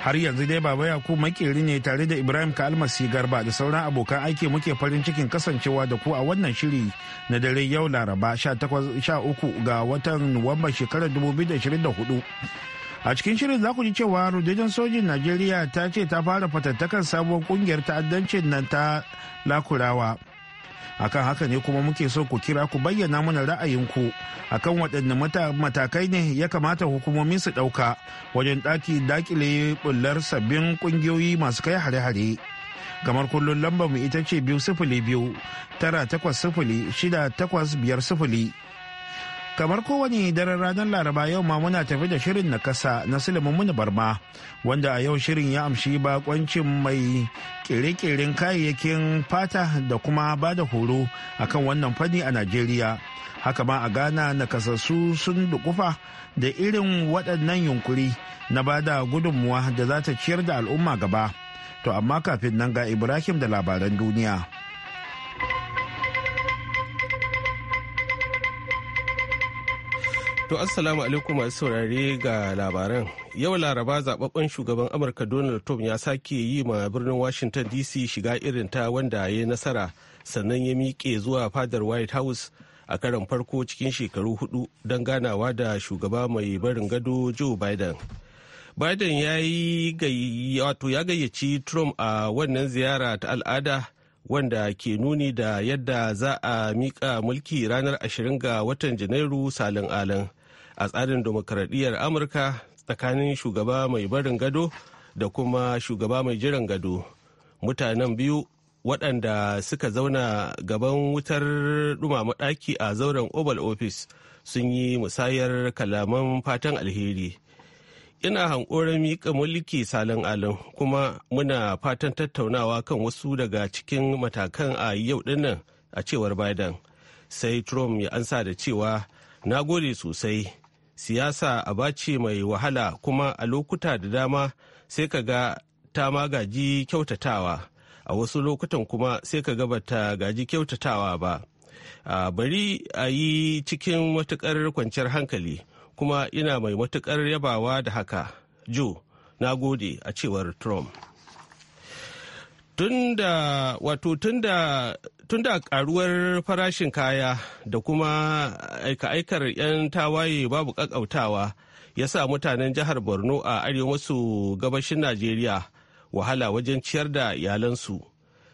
har yanzu dai baba yakub makeri ne tare da ibrahim kalmasi garba da sauran abokan aiki muke farin cikin kasancewa da ku a wannan shiri na dare yau laraba 13 ga watan nuwamba shekarar 2024 a cikin shirin za ku ji cewa rundunar sojin najeriya ta ce ta fara fatattakar sabuwar kungiyar ta'addancin nan ta lakurawa akan haka ne kuma muke so ku kira ku bayyana mana ra'ayinku akan waɗanne matakai ne ya kamata hukumomi su ɗauka wajen ɗaki dakile bullar sabbin ƙungiyoyi masu kai hare-hare kamar kullum lambar mu ita ce biyu sifili biyu tara takwas sifili shida takwas biyar sifili kamar kowane daren ranar laraba yau ma muna tafi da shirin na kasa na muni barma wanda a yau shirin ya amshi bakoncin mai kere-keren kayayyakin fata da kuma ba da horo akan wannan fanni a najeriya haka ma a ghana nakasassu sun dukufa da irin waɗannan yunkuri na ba da gudunmuwa da za ta ciyar da al'umma gaba to amma kafin nan ga ibrahim da labaran duniya. To assalamu alaikum masu saurare ga labaran. Yau laraba zababben shugaban Amurka Donald Trump ya sake yi ma birnin Washington DC shiga irin ta wanda ya yi nasara sannan ya miƙe zuwa fadar White House a karan farko cikin shekaru hudu don ganawa da shugaba mai barin gado Joe Biden. Biden ya gayyaci Trump a wannan ziyara ta al'ada. wanda ke nuni da yadda za a miƙa mulki ranar 20 ga watan janairu salin alan a tsarin demokaradiyyar amurka tsakanin shugaba mai barin gado da kuma shugaba mai jiran gado mutanen biyu waɗanda suka zauna gaban wutar ɗumama ɗaki a zauren oval office sun yi musayar kalaman fatan alheri ina hankoron miƙa mulki salon alin kuma muna fatan tattaunawa kan wasu daga cikin matakan a yau dinnan a cewar biden sai trump ya ansa da cewa na gode sosai siyasa aba ce mai wahala kuma a lokuta da dama sai ka ga ta magaji kyautatawa a wasu lokutan kuma sai ka gaba bata gaji kyautatawa ba bari a yi cikin matukar kwanciyar hankali kuma ina mai matukar yabawa da haka joe na gode a cewar trump tunda wato tunda tunda karuwar farashin kaya da kuma aika-aikar 'yan tawaye babu ƙaƙautawa ya sa mutanen jihar borno a arewa maso gabashin najeriya wahala wajen ciyar da iyalansu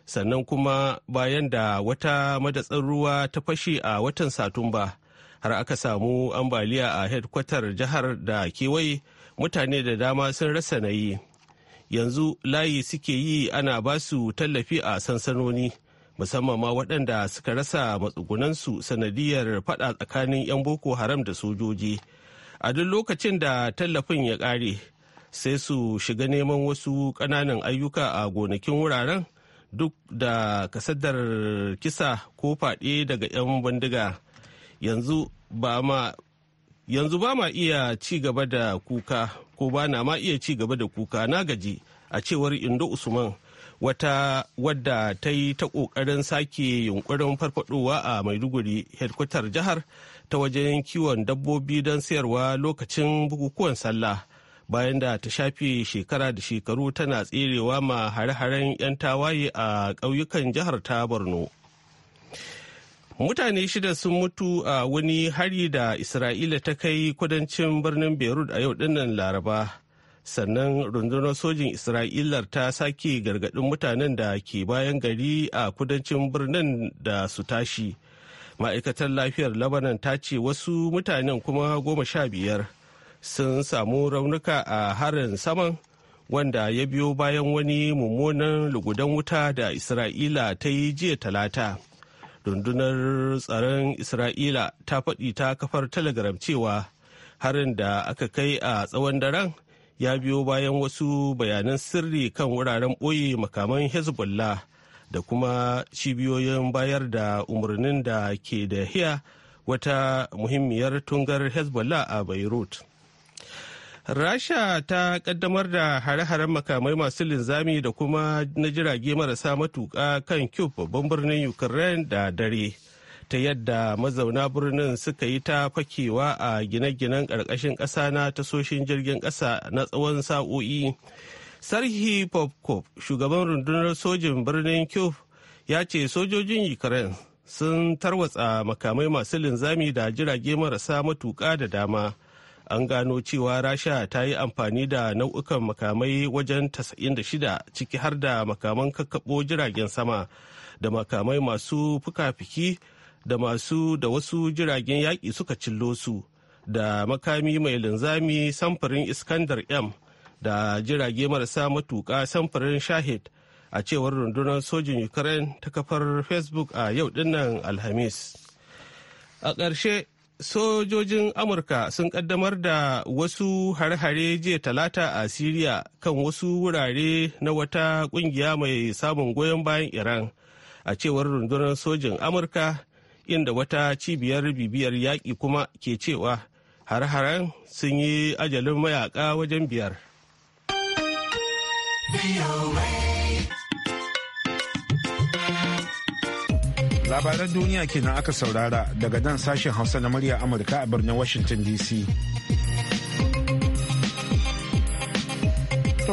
sannan kuma bayan da wata madatsar ruwa ta fashe a watan satumba har aka samu ambaliya a hedkwatar jihar da kewaye mutane da dama sun rasa na yi. yanzu layi suke yi ana basu tallafi a sansanoni musamman ma waɗanda suka rasa matsugunansu sanadiyar fada tsakanin 'yan boko haram da sojoji a duk lokacin da tallafin ya ƙare sai su shiga neman wasu ƙananan ayyuka a gonakin wuraren duk da kasadar kisa ko faɗe daga 'yan bindiga yanzu ba ma yanzu ba ma iya ci gaba da kuka ko ba na ma iya ci gaba da kuka na gaji a cewar indo usman wata wadda ta yi ta kokarin sake yunkurin farfadowa a maiduguri hedkwatar jihar ta wajen kiwon dabbobi don sayarwa lokacin bukukuwan sallah bayan da ta shafe shekara da shekaru tana tserewa ma hare-haren 'yan tawaye a ƙauyukan jihar ta borno Mutane shida sun mutu a wani hari da Isra'ila ta kai kudancin birnin Beirut a yau dinnan Laraba. Sannan rundunar sojin Isra'ilar ta sake gargadin mutanen da ke bayan gari a kudancin birnin da su tashi. Ma'aikatar lafiyar Labanan ta ce wasu mutanen kuma goma sha biyar sun samu raunuka a harin saman. wanda ya biyo bayan wani mummunan lugudan wuta da isra'ila ta yi jiya talata rundunar tsaron isra'ila ta faɗi ta kafar telegram cewa harin da aka kai a tsawon daren ya biyo bayan wasu bayanan sirri kan wuraren ɓoye makaman hezbollah da kuma cibiyoyin bayar da umarnin da ke da hiya wata muhimmiyar tungar hezbollah a beirut Rasha ta kaddamar da hare-haren makamai masu linzami da kuma na jirage marasa matuƙa kan Kyiv babban birnin Ukraine da dare. Ta yadda mazauna birnin suka yi ta fakewa a gine-ginen ƙarƙashin ƙasa na tasoshin jirgin ƙasa na tsawon sa'o'i. Sarhi Popkov, shugaban rundunar sojin birnin Kyiv, ya ce sojojin Ukraine sun tarwatsa makamai masu linzami da jirage marasa matuƙa da dama. an gano cewa rasha ta yi amfani da nau'ukan makamai wajen 96 ciki har da makaman kakkabo jiragen sama da makamai masu fuka-fiki da masu da wasu jiragen yaƙi suka cillo su da makami mai linzami samfurin iskandar m da jirage marasa matuƙa samfurin shahid a cewar rundunar sojin ukraine ta kafar facebook a yau dinnan alhamis a ƙarshe sojojin amurka sun kaddamar da wasu hare-hare jiya talata a siriya kan wasu wurare na wata kungiya mai samun goyon bayan iran a cewar rundunar sojin amurka inda wata cibiyar bibiyar yaƙi kuma ke cewa har-haren sun yi ajalin mayaka wajen biyar. labaran duniya kenan aka saurara daga nan sashen hausa na murya amurka a birnin washington dc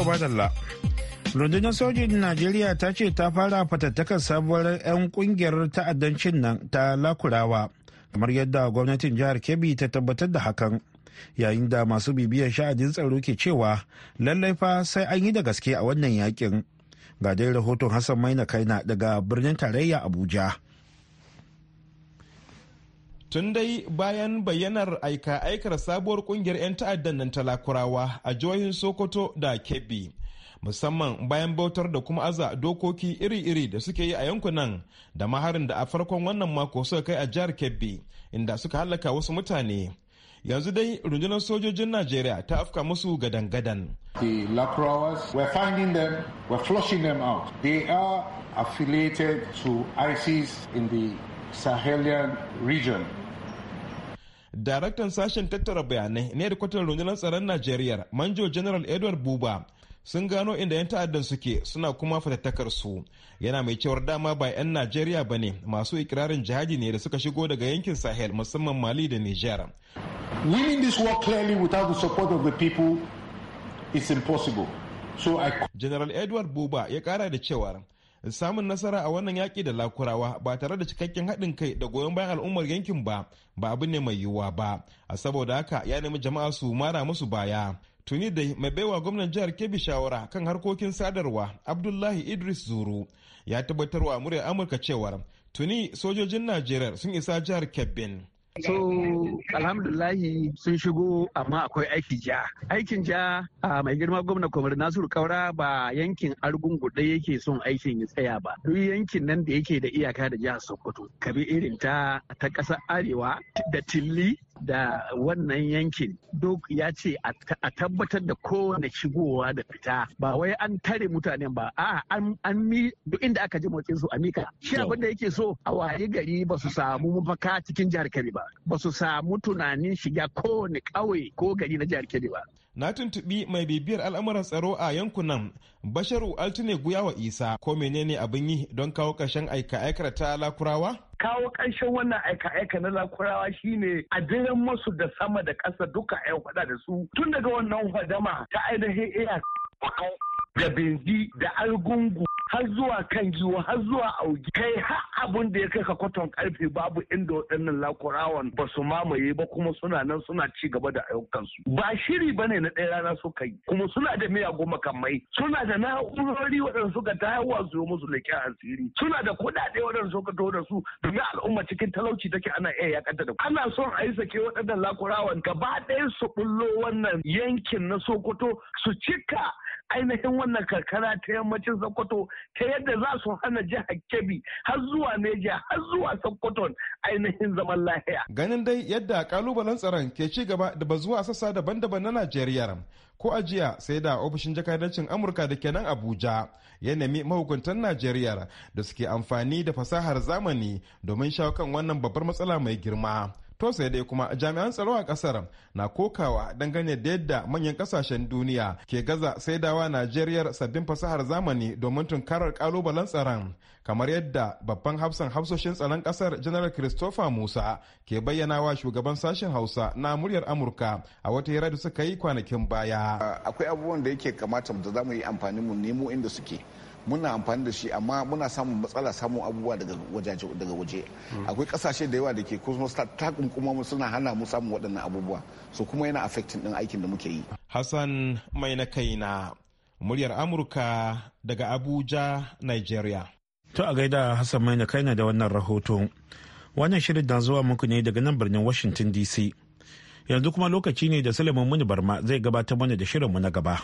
badalla rundunar sojin najeriya ta ce ta fara fatattakar sabuwar 'yan kungiyar ta'addancin nan ta lakurawa kamar yadda gwamnatin jihar kebbi ta tabbatar da hakan yayin da masu bibiyar sha'adin tsaro ke cewa lallai fa sai an yi da gaske a wannan yakin ga dai rahoton hassan maina kaina daga birnin tarayya abuja tun dai bayan bayyanar aika-aikar sabuwar kungiyar 'yan ta'addan nan talakurawa a jihohin sokoto da kebbi musamman bayan bautar da kuma aza dokoki iri-iri da suke yi a yankunan da maharin da a farkon wannan mako suka kai a jihar kebbi inda suka halaka wasu mutane yanzu dai rundunar sojojin najeriya ta afka musu gadan-gadan The we're finding them, we're flushing them out. They to ISIS in the Sahelian region. daraktan sashen tattara bayanai ne da kwatar rundunar tsaron najeriya manjo general edward buba sun gano inda 'yan ta'addan suke suna kuma fatattakar su yana mai cewar dama ba 'yan najeriya ba ne masu ikirarin jihadi ne da suka shigo daga yankin sahel musamman mali da niger winning this war clearly is impossible general edward buba ya kara da cewar samun nasara a wannan yaƙi da lakurawa ba tare da cikakken haɗin kai da goyon bayan al'ummar yankin ba ba abu ne mai yiwuwa ba a saboda haka ya nemi jama'a su mara musu baya tuni da mai baiwa gwamnan jihar kebbi shawara kan harkokin sadarwa abdullahi idris zuru ya tabbatarwa muryar amurka cewar tuni sojojin najeriya sun isa jihar kebbin So alhamdulahi sun shigo amma akwai aiki ja. Aikin ja a mai girma gwamna kwamar Nasiru Kaura ba yankin Argungu ɗaya yake son aikin ya tsaya ba. Duk yankin nan da yake da iyaka da jihar Sokoto. Kabi irin ta ta ƙasar Arewa da Tilli da wannan yankin duk ya ce a tabbatar da kowane shigowa da fita ba wai an tare mutanen ba a an mi duk inda aka ji motsin su a mika shi abin da yake so a waye gari ba su samu mafaka cikin jihar Kebbi ba ba su samu tunanin shiga kowane ƙauye ko gari na jihar Kebbi ba na tuntuɓi mai bibiyar al'amuran tsaro a yankunan basharu altine guyawa isa ko menene abin yi don kawo ƙarshen aika aikata lakurawa kawo ƙarshen wannan aika-aika na lakurawa shine a diran masu da sama da ƙasa duka a faɗa da su tun daga wannan fadama ta ainihin iya da benzi da argungu har zuwa kan giwa har zuwa augi kai ha abun da ya kai ka kwaton karfe babu inda waɗannan lakurawan ba su mamaye ba kuma suna nan suna ci gaba da ayyukansu ba shiri ba ne na ɗaya rana suka yi kuma suna da miyagun makamai suna da na'urori waɗanda suka tayarwa su yi musu leƙen asiri suna da kuɗaɗe waɗanda suka to da su domin al'umma cikin talauci take ana iya yakanta da ana son a yi sake waɗannan lakurawan gaba ɗaya su bullo wannan yankin na sokoto su cika ainihin wannan karkara ta yammacin sokoto ta yadda za su hana jihar kebbi har zuwa neja har zuwa sokoton ainihin zaman lahiya ganin dai yadda kalubalen tsaron ke ci gaba da ba zuwa sassa daban-daban na najeriya ko ajiya sai da ofishin jakadancin amurka da kenan abuja ya nemi mahukuntan najeriya da suke amfani da fasahar zamani domin shawo kan wannan babbar matsala mai girma To sai dai kuma jami'an tsaro a kasar na kokawa dangane da yadda manyan kasashen duniya ke gaza saidawa Najeriya sabbin fasahar zamani domin tunkarar kalubalen tsaron kamar yadda babban hafsan hafsoshin tsaron kasar General Christopher Musa ke bayyana wa shugaban sashen Hausa na muryar Amurka a wata hira da suka yi kwanakin baya. Akwai abubuwan da yake kamata da za mu yi amfani mu nemo inda suke. muna amfani da shi amma muna samun matsala samun abubuwa daga waje hmm. akwai kasashe da yawa da ke start ta kunkuma suna hana mu samun waɗannan abubuwa so kuma yana affecting din aikin da muke yi hassan mai na kaina muryar amurka daga abuja nigeria to a gaida hassan mai na kaina da wannan rahoton wannan shirin na zuwa muku ne daga nan birnin washington dc yanzu kuma lokaci ne da Suleiman muni barma zai gabatar mana da shirinmu na gaba.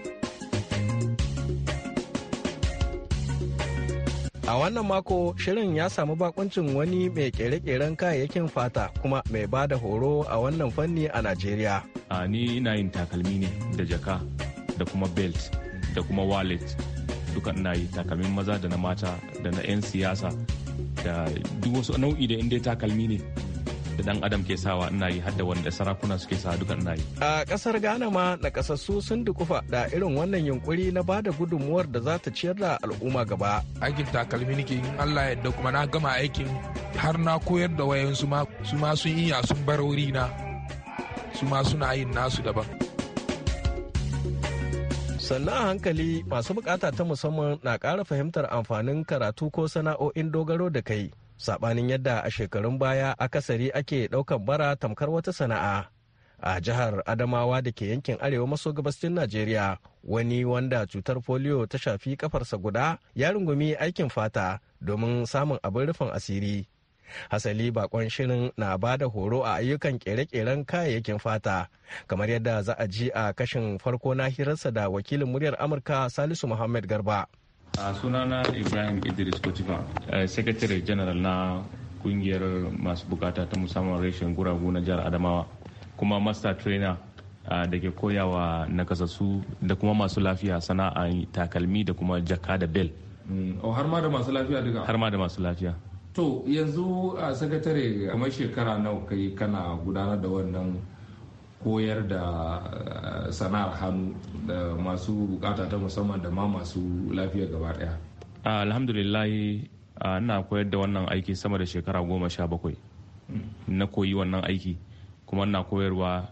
A wannan mako shirin ya samu bakuncin wani mai kere-keren kayayyakin fata kuma mai ba da horo a wannan fanni a Najeriya. A ni ina yin takalmi ne da jaka da kuma belt da kuma wallet duka ina yi takalmin maza da na mata da na 'yan siyasa da duk wasu nau'i da inda takalmi ne da dan adam ke sawa ina yi hadda wanda sarakuna suke sawa duka ina yi a kasar ghana ma na sun dukufa da irin wannan yunkuri na bada gudunmuwar da za ta ciyar da al'umma gaba aikin takalmi nake in allah yadda kuma na gama aikin har na koyar da su ma su ma sun iya sun bar na su ma suna yin nasu daban sannan a hankali masu bukata ta musamman na kara fahimtar amfanin karatu ko sana'o'in dogaro da kai sabanin yadda a shekarun baya akasari ake ɗaukan bara tamkar wata sana'a a jihar adamawa da ke yankin arewa maso gabashin najeriya wani wanda cutar polio ta shafi kafarsa guda ya rungumi aikin fata domin samun abin rufin asiri hasali bakon shirin na ba da horo a ayyukan kere-keren kayayyakin fata kamar yadda za a ji a kashin farko na hirarsa da wakilin muryar amurka salisu muhammad garba a sunana ibrahim idris kotifa eh, secretary general na kungiyar masu bukata ta musamman reshen guragu na jihar adamawa kuma master trainer da ke koyawa nakasassu da kuma masu lafiya sana'a takalmi da kuma jaka da bel mm, oh, har ma da masu lafiya duka har ma da masu lafiya to yanzu a sakatare kamar shekara nawa kai kana gudanar da wannan koyar da eh, sana'ar hannu da masu bukata ta musamman da ma masu lafiya gaba daya ah, alhamdulillah ah, ina koyar da wannan aiki sama da shekara goma sha bakwai hmm. na koyi wannan aiki kuma ina koyarwa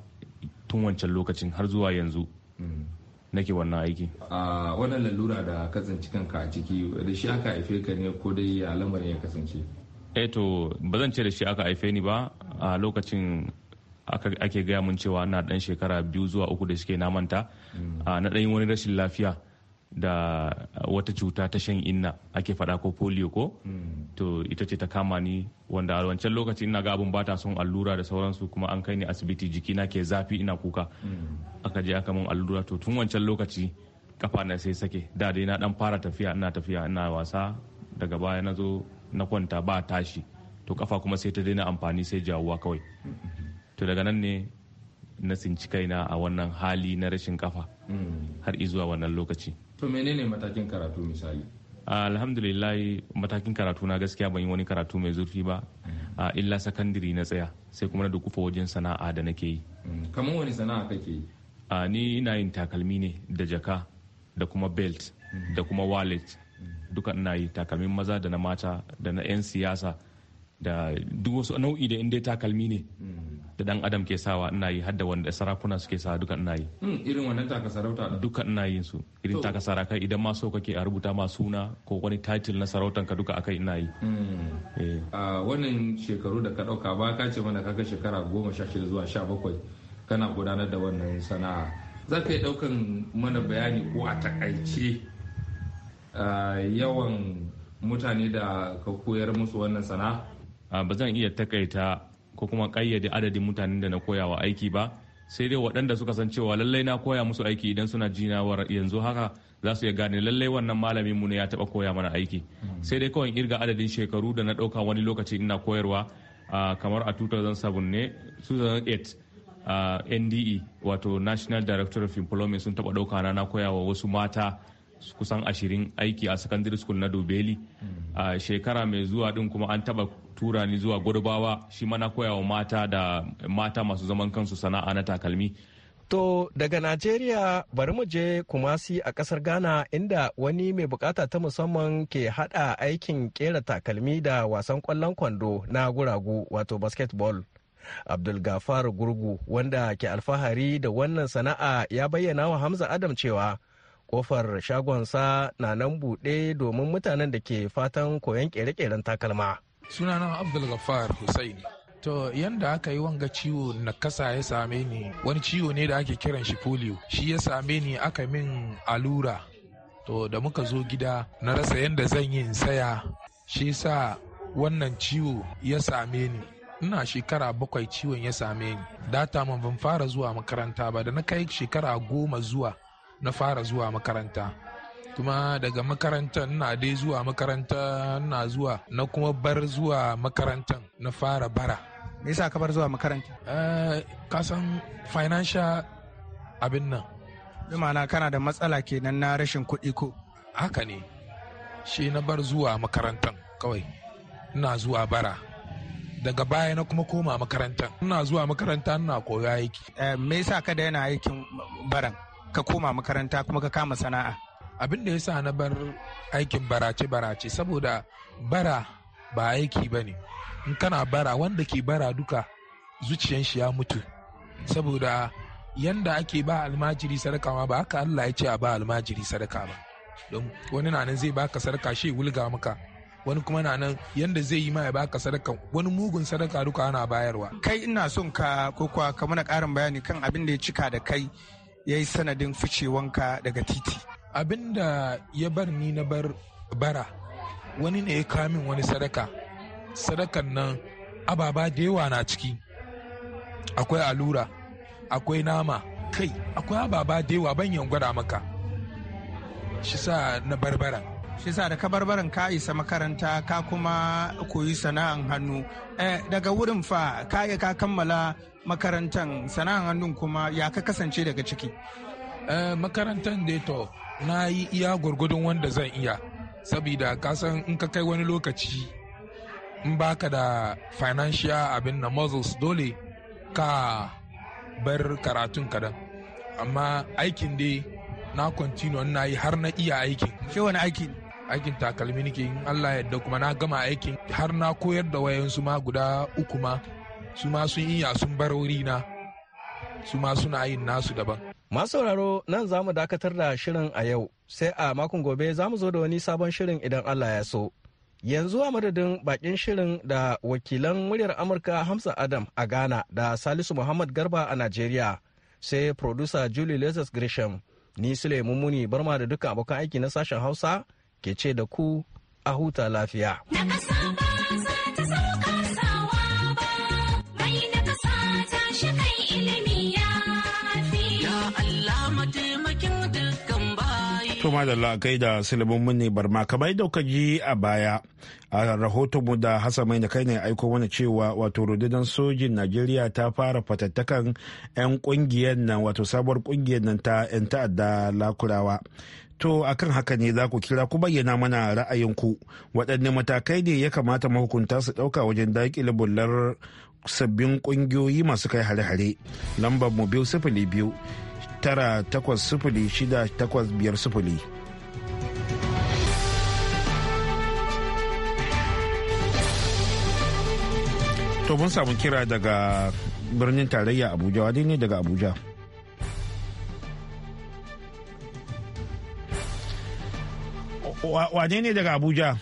tun wancan lokacin har zuwa yanzu hmm. nake wannan aiki a ah, wannan lalura da kasance kanka a ciki da shi aka haife ka ne ko dai ya lamarin ya kasance eh to ba zan ce da shi aka haife ni ba a lokacin ake gaya mun cewa na dan shekara biyu zuwa uku da suke namanta mm. ah, na dan wani rashin lafiya da wata cuta ta shan inna ake fada ko polio ko mm. to ita ce ta kama ni wanda a wancan lokaci ina ga abin bata son allura da sauransu kuma an kai ni asibiti jiki na ke zafi ina kuka mm. aka je aka mun allura to tun wancan lokaci kafa na sai sake da dai na dan fara tafiya ina tafiya ina wasa daga baya na zo na kwanta ba tashi to kafa kuma sai ta daina amfani sai jawuwa kawai to daga nan ne na sinci kaina a wannan hali na rashin kafa mm. har izuwa wannan lokaci to menene matakin karatu misali alhamdulillah matakin karatu na gaskiya ban yi wani karatu mai zurfi ba mm. a illa sakandiri na tsaya sai kuma na dukufa wajen sana'a da nake yi mm. kamar wani sana'a kake yi a ni ina yin takalmi ne da jaka da kuma belt da kuma wallet duka ina yi takalmin maza da na mata da na 'yan siyasa da duk wasu nau'i da inda takalmi ne da dan adam ke sawa ina yi hadda wanda sarakuna suke sawa duka ina yi hmm, irin wannan taka sarauta duka ina yin su irin taka saraka idan ma so kake a rubuta ma suna ko wani title na sarautan ka duka akai ina yi hmm. eh. a wannan shekaru da ka dauka ba ka ce mana kaga shekara goma sha shida zuwa sha bakwai kana gudanar da wannan sana'a za ka yi daukan mana bayani ko a takaice yawan mutane da ka koyar musu wannan sana'a ba zan iya takaita ko kuma ƙayyade adadin mutanen da na koya wa aiki ba sai dai waɗanda suka san cewa lallai na koya musu aiki idan suna jinawa yanzu haka za su iya gane lallai wannan malamin mu ne ya taɓa koya mana aiki hmm. sai dai kawai irga adadin shekaru da na ɗauka wani lokaci ina koyarwa kamar a 2007 ne 2008 NDE wato National Director of Employment sun taɓa ɗauka na na koya wa wasu mata kusan ashirin aiki a secondary school na dobeli a shekara mai zuwa din kuma an taba tura ni zuwa gurbawa shi mana wa mata da mata masu zaman kansu sana'a na takalmi To daga Najeriya bari mu je Kumasi a kasar Ghana inda wani mai bukata ta musamman ke hada aikin kera takalmi da wasan kwallon kwando na guragu wato basketball. Abdulgafar Gurgu wanda ke alfahari da wannan sana'a ya bayyana wa Hamza Adam cewa kofar shagonsa na nan buɗe domin mutanen da ke fatan koyon kere-keren takalma. Sunana Abdul Ghaffar Hussaini. To yanda aka yi wanga ciwo na kasa ya same ni wani ciwo ne da ake kiran shi polio shi ya same ni aka min alura to da muka zo gida na rasa yanda zan yi in saya shi sa wannan ciwo ya same ni ina shekara bakwai ciwon ya same ni data ban fara zuwa makaranta ba da na kai shekara goma zuwa na fara zuwa makaranta kuma daga makaranta na dai zuwa makaranta na zuwa na kuma bar zuwa makarantan na fara bara me yasa ka bar zuwa makaranta eh, kasan financial abin nan ma'ana kana da matsala kenan na rashin kuɗi ko haka ne shi na bar zuwa makarantan kawai ina zuwa bara daga baya na kuma koma makarantan na zuwa makaranta ina koya aiki eh, me yasa ka daina aikin baran ka koma makaranta kuma ka kama sana'a abin da ya sa na bar aikin barace barace saboda bara ba aiki ba ne in kana bara wanda ke bara duka zuciyan shi ya mutu saboda yanda ake ba almajiri sadaka ma ba haka Allah ya ce a ba almajiri sadaka ba don wani na nan zai baka sadaka shi wulga maka wani kuma na nan yanda zai yi ma ya baka sadaka wani mugun sadaka duka ana bayarwa kai ina son ka ko kuwa ka mana karin bayani kan abin da ya cika da kai ya yi sanadin ficewanka daga titi abin da ya bar ni na bar bara wani ne ya kamin wani sadaka sadakan nan ababa da yawa na ciki akwai alura akwai nama kai akwai ababa da yawa ban gwada maka shi sa na barbaran shi sa da ka barbaran ka isa makaranta ka kuma koyi sana'an hannu eh, daga wurin fa ka ka kammala makarantan sana'an hannun kuma ya ka kasance daga ciki eh, makarantar da to na yi iya gwargwadon wanda zan iya sabida kasan in ka kai wani lokaci in baka da financial abin na muzzles dole ka bar karatun kadan amma aikin dai na continue na yi har na iya aikin shi wani aiki aikin takalmi nake in Allah yadda kuma na gama aikin har na koyar da wayansu ma guda uku ma su ma sun iya sun bar na su ma suna yin nasu daban. Masu sauraro nan za mu dakatar da shirin a yau sai a makon gobe za mu zo da wani sabon shirin idan Allah ya so. yanzu a madadin bakin shirin da wakilan muryar amurka hamza adam a ghana da salisu muhammad garba a Najeriya sai producer julie lesus grisham ni sule mummuni barma da duka abokan aiki na sashen hausa ke ce da ku a huta lafiya. To madalla kai da silibin mun ne barma kamar yadda ji a baya a rahotonmu da hasa mai da kai ne aiko wani cewa wato rundunar sojin Najeriya ta fara fatattakan 'yan kungiyar nan wato sabuwar kungiyar nan ta 'yan ta'adda lakurawa To akan haka ne za ku kira ku bayyana mana ra'ayinku waɗanne matakai ne ya kamata mahukunta su ɗauka wajen daƙile bullar sabbin ƙungiyoyi masu kai hare-hare. Lambar mu biyu sifili biyu tara takwas sifili shida takwas biyar sifili. To mun samu kira daga birnin tarayya Abuja, wani ne daga Abuja. wane ne daga abuja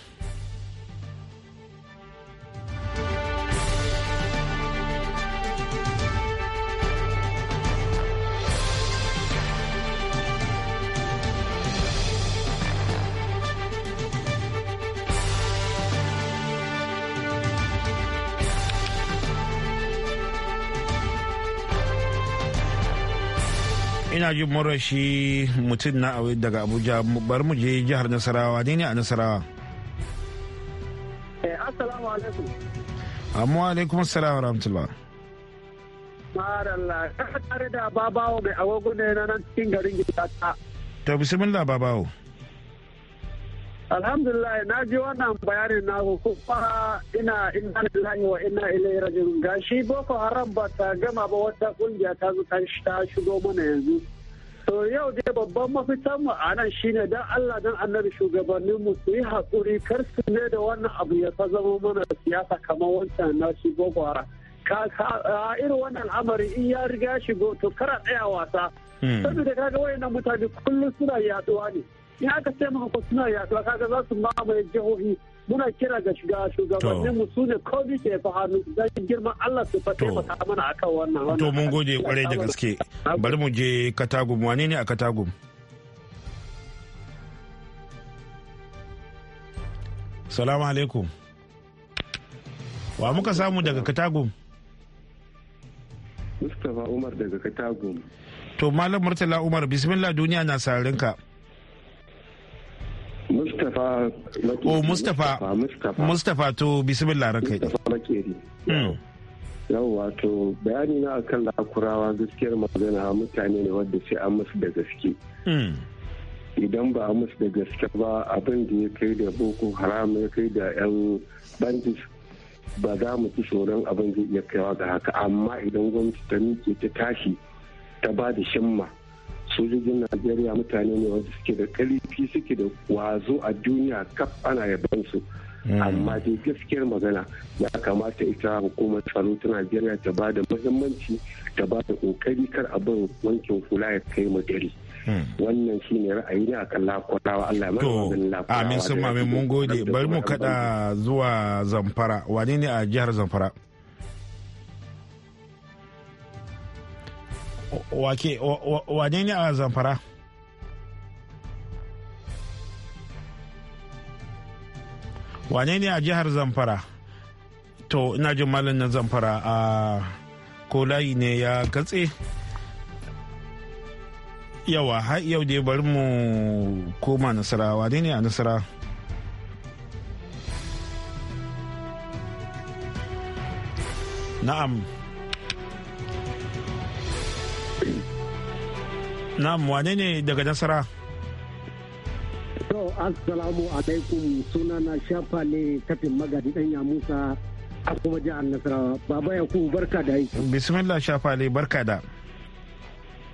ina jin murar shi mutum na awai daga abuja bar mu je jihar nasarawa ne a nasarawa eh, assalamu alaikum amma alaikum assalamu rahmatullah marallah tare da babawo mai agogo ne na nan cikin garin gida ta bismillah babawo Alhamdulillah na ji wannan bayanin na kuma ina inna lillahi wa inna ilaihi rajin gashi Boko Haram ba ta gama ba wata kungiya ta zo ta shigo mana yanzu. To yau dai babban mafitan mu a nan shine dan Allah dan annabi shugabannin mu su yi hakuri kar su ne da wannan abu ya ta zama mana siyasa kamar wancan na shi Boko Haram. a irin wannan al'amari in ya riga shigo to kar tsaya wasa. Hmm. Saboda kaga wayannan mutane kullum suna yaduwa ne. in aka ce maka ko suna yaduwa kaga za su mamaye jihohi muna kira ga shugabannin mu su ne kodi ke fa hannu don girman Allah su fa taimaka mana akan wannan to mun gode kwarai da gaske bari mu je katagum wane ne a katagum salamu alaikum wa muka samu daga katagum mustapha umar daga katagum to malam murtala umar bismillah duniya na sarinka Mustapha Oh Mustapha Mustapha to bismillah raka Mustapha Makeri. Hmm. Yawwa to bayani na akan lakurawa gaskiyar magana mutane ne wadda sai an musu da gaske. Hmm. Idan ba a musu da gaske ba abin da ya kai da Boko Haram ya kai da 'yan bandit ba za mu ci tsoron abin da iya kaiwa ga haka amma idan gwamnati ta miƙe ta tashi ta ba da shimma. sojojin najeriya mutane ne wanda suke da ƙarfi suke da wazo a duniya kaf ana yaban su hmm. amma da gaskiyar magana ya kamata ita hukumar tsaro ta najeriya ta ba da muhimmanci ta ba da kokari kar a ban wankin kula ya kai mu dare hmm. wannan shi ne ra'ayi ne akan lakwarawa allah ya maganin amin sun mamin mun gode bari mu kada zuwa zamfara wani ne a jihar zamfara wake wane ne a zamfara wane ne a jihar zamfara to ina jin malin na zamfara a ko layi ne ya katse yawa har yau dai bari mu koma nasara wane ne a nasara na'am Na'am wane ne daga nasara? To, assalamu alaikum sunana shafa ne kafin magadi ɗan ya Musa a kuma jihar Nasarawa. Baba ku barka da aiki. Bismillah shafa ne barka da.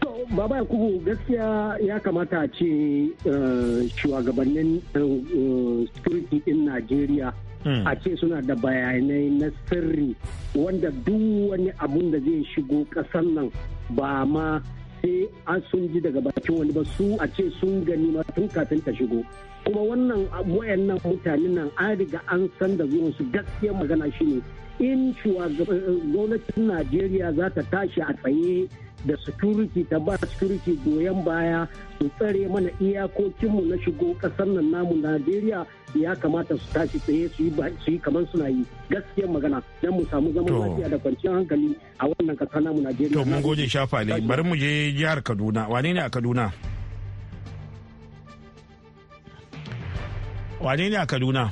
To, Baba ku gaskiya ya kamata a ce eh, shugabannin eh, security in Najeriya hmm. a ce suna da bayanai na sirri wanda duk wani abun da zai shigo ƙasar nan ba ma sai an sun ji daga bakin wani ba su a ce sun gani ma tun kafin ta shigo kuma wannan wayannan mutane nan an riga an san da zuwan su gaskiya magana shine in gwamnatin najeriya za ta tashi a tsaye da security ta ba security goyon baya su tsare mana iyakokinmu na shigo kasar nan namu najeriya ya kamata su tashi tsaye su yi kamar suna yi gaskiyar magana don mu samu zaman lafiya da kwanciyar hankali a wannan kasa namu Najeriya. To mun gode shafa ne bari mu je jihar Kaduna wane ne a Kaduna? Wane ne a Kaduna?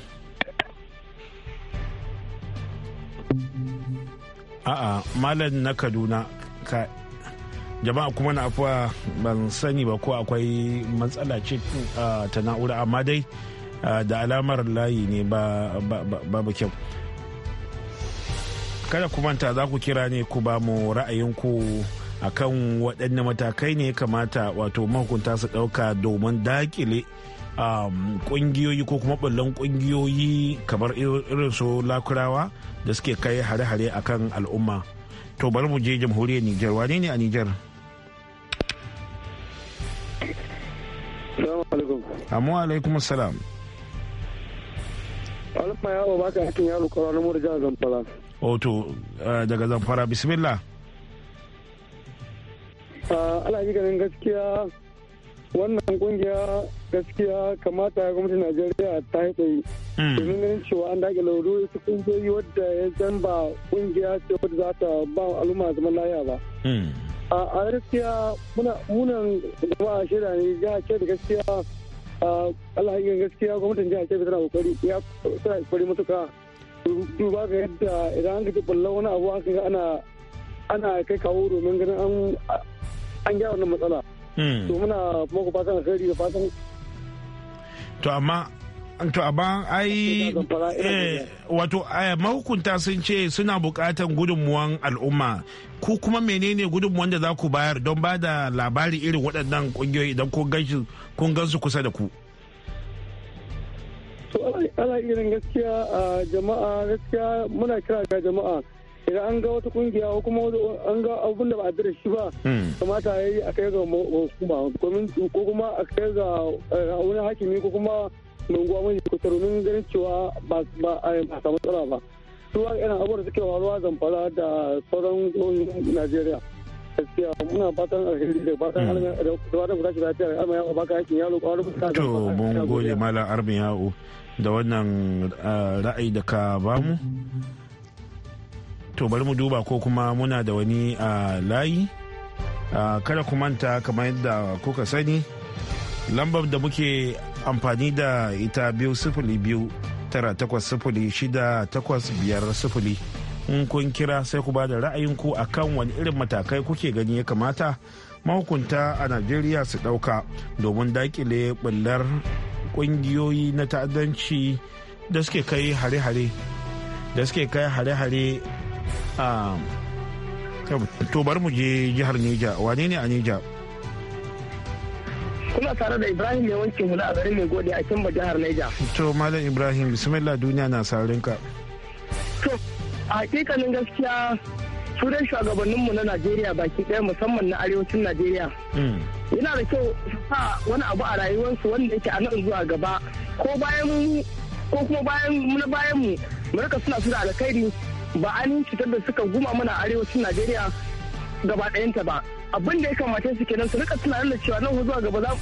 A'a malam na Kaduna ka jama'a kuma na afuwa ban sani ba ko akwai matsala ce ah, ta na'ura amma dai Ah, da alamar layi ne babu kyau kada ku manta za ku kira ne ku ba mu ra'ayinku a kan waɗanne matakai ne kamata wato mahukunta su ɗauka domin dakile um, ƙungiyoyi ko kuma ɓallon ƙungiyoyi kamar irin su lakurawa da suke kai hare-hare a kan al'umma to bari mu je jamhuriyar nijar wane ne a nijar alaikum salam. alfa yawo ba ka hakin yaro kawai na jihar zamfara oto eh, daga zamfara bismillah ala yi ganin gaskiya wannan kungiya gaskiya kamata ya gwamnatin najeriya ta tsaye hmm. domin ganin cewa an dage lauru su kungiyoyi wadda ya zan ba kungiya ce wadda za ta ba al'umma zaman laya ba hmm. a gaskiya munan jama'a shida ne ya ce da gaskiya Allah yin gaskiya gwamnatin jihar Kebbi tana kokari ya tana kokari matuka duba ga yadda idan an gaji ballan wani abu aka ga ana ana kai kawo domin ganin an an gyara wannan matsala. Hmm. To muna kuma ku fatan alheri da fatan. To amma to amma ai eh, wato eh, mahukunta sun ce suna bukatan gudunmuwan al'umma ku kuma menene gudunmuwan da za ku bayar don ba da labari irin waɗannan ƙungiyoyi idan kun gansu kusa da ku to ala irin gaskiya a jama'a gaskiya muna kira ga jama'a idan an ga wata kungiya ko kuma an ga abin da ba a da shi ba hmm. kamata ya yi a kai ga hukuma ko kuma a kai ga eh, wani hakimi ko kuma mun goma ne kusa ganin cewa ba a eh, samu tsara ba su wa irin abubuwa da suke ruwa zamfara da sauran jihohin najeriya gaskiya muna fatan alheri da fatan hmm. almin da fatan ku tashi da almin yawo baka yakin ku to mun gode malam armin yawo da wannan eh, ra'ayi da ka bamu to bari mu duba ko kuma muna da wani a eh, layi kada ku manta kamar yadda kuka sani lambar da muke amfani da ita biyu sifili biyu tara takwas sifili shida takwas biyar sifili in kun kira sai ku ba da ra'ayinku a kan wani irin matakai kuke gani ya kamata mahukunta a najeriya su ɗauka domin dakile ɓullar ƙungiyoyi na ta'addanci da suke kai hare-hare da suke kai hare-hare a to bar mu je jihar Neja wane ne a Neja? kuna tare da ibrahim mai mu hula a garin mai gode a kimba jihar naija to malam ibrahim bismillah duniya na sarin ka to a hakikanin gaskiya su shugabannin mu na najeriya baki ɗaya musamman na arewacin najeriya hmm. yana da kyau su sa wani abu a rayuwarsu wanda yake a nan zuwa gaba ko bayan ko kuma bayan na bayan mu mu rika suna su da alkhairi ba an cutar da suka guma mana arewacin najeriya gaba ɗayanta ba abin da ya kamata su kenan su rika tunanin da cewa nan zuwa gaba za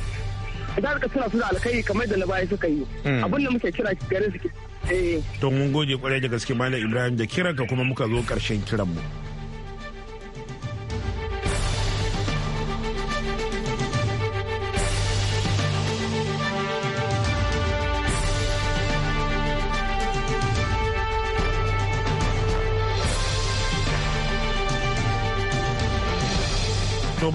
za rika tuna su da alkai kamar da na baya suka yi hmm. abin da muke kira gare su ke. Eh. to mun goge kwarai da gaske malam ibrahim da ka kuma muka zo karshen kiran mu.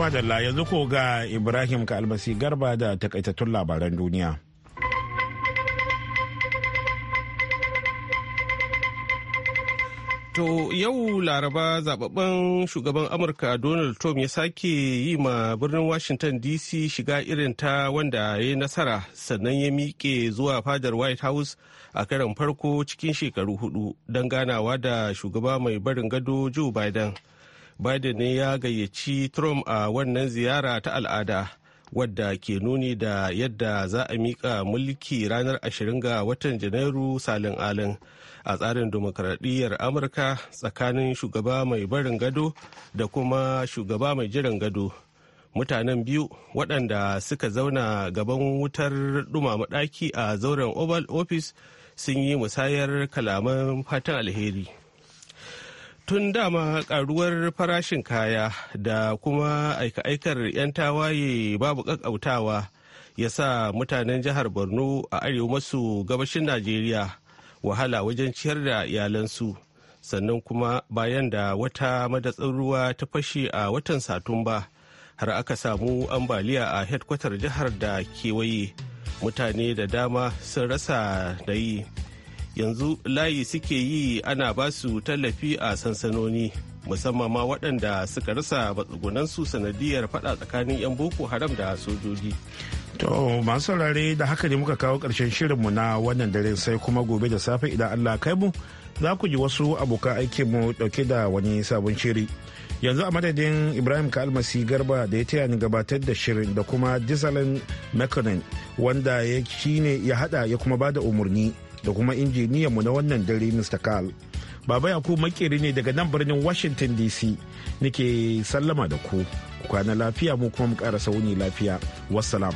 madalla yanzu ko ga Ibrahim ka almasi garba da takaitattun labaran duniya. To yau laraba zababben shugaban Amurka Donald Trump ya sake yi ma birnin Washington DC shiga irin ta wanda ya yi nasara sannan ya miƙe zuwa fadar White House a karon farko cikin shekaru hudu don ganawa da shugaba mai barin gado Joe Biden. biden ne ya gayyaci trump a wannan ziyara ta al'ada wadda ke nuni da yadda za a miƙa mulki ranar 20 ga watan janairu salin alin a tsarin demokradiyyar amurka tsakanin shugaba mai barin gado da kuma shugaba mai jiran gado mutanen biyu waɗanda suka zauna gaban wutar dumama ɗaki a zauren oval office sun yi musayar kalaman fatan alheri tun dama karuwar farashin kaya da kuma aika-aikar 'yan tawaye babu ƙaƙautawa ya sa mutanen jihar borno a arewa maso gabashin najeriya wahala wajen ciyar da iyalansu sannan kuma bayan da wata madatsar ruwa ta fashe a watan satumba har aka samu ambaliya a hedkwatar jihar da kewaye mutane da dama sun rasa da yi yanzu layi suke yi ana basu tallafi a sansanoni musamman ma waɗanda suka rasa su sanadiyar faɗa tsakanin 'yan boko haram da sojoji. To masu saurare da haka ne muka kawo ƙarshen mu na wannan dare sai kuma gobe da safe idan Allah kai mu za ku ji wasu abokan aikinmu ɗauke da wani sabon shiri. Yanzu a madadin Ibrahim Kalmasi Garba da ya taya ni gabatar da shirin da kuma Disalin Mekonin wanda ya shine ya hada ya kuma bada umarni. da kuma injiniyanmu na wannan dare Mr. Carl. Baba ku makeri ne daga nan birnin Washington DC nake sallama da ku. Kwana lafiya mu kuma mu ƙara sauni lafiya. Wassalam.